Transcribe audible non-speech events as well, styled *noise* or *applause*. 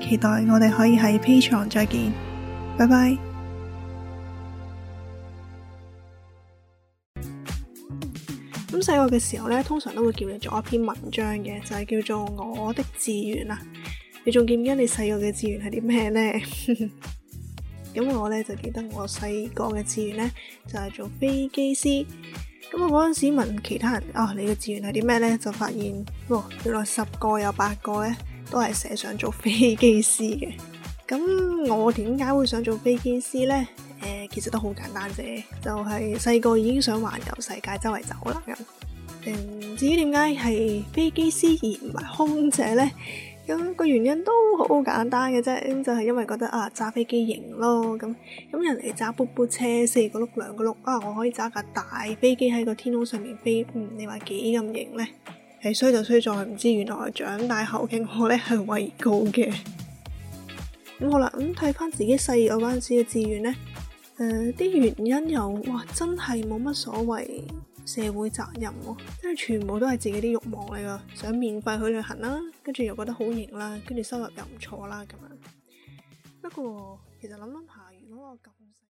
期待我哋可以喺 P 床再見，拜拜。咁細個嘅時候咧，通常都會叫你做一篇文章嘅，就係、是、叫做我的志願啦。你仲記唔記得你細個嘅志願係啲咩呢？咁 *laughs* 我咧就記得我細個嘅志願咧就係、是、做飛機師。咁我嗰陣時問其他人，哦，你嘅志願係啲咩咧？就發現，原、哦、來十個有八個咧。都係寫想做飛機師嘅，咁我點解會想做飛機師呢？誒，其實都好簡單啫，就係細個已經想環遊世界周圍走啦，咁、嗯。至於點解係飛機師而唔係空姐呢？咁、那個原因都好簡單嘅啫，就係、是、因為覺得啊揸飛機型咯，咁咁人哋揸部部車四個轆兩個轆啊，我可以揸架大飛機喺個天空上面飛，嗯，你話幾咁型呢？係衰就衰在唔知，原來長大後嘅我咧係畏高嘅。咁 *laughs* 好啦，咁睇翻自己細個嗰陣時嘅志願呢，誒、呃、啲原因又哇真係冇乜所謂社會責任喎，因為全部都係自己啲欲望嚟㗎，想免費去旅行啦，跟住又覺得好型啦，跟住收入又唔錯啦咁樣。不過其實諗諗下如果我咁細。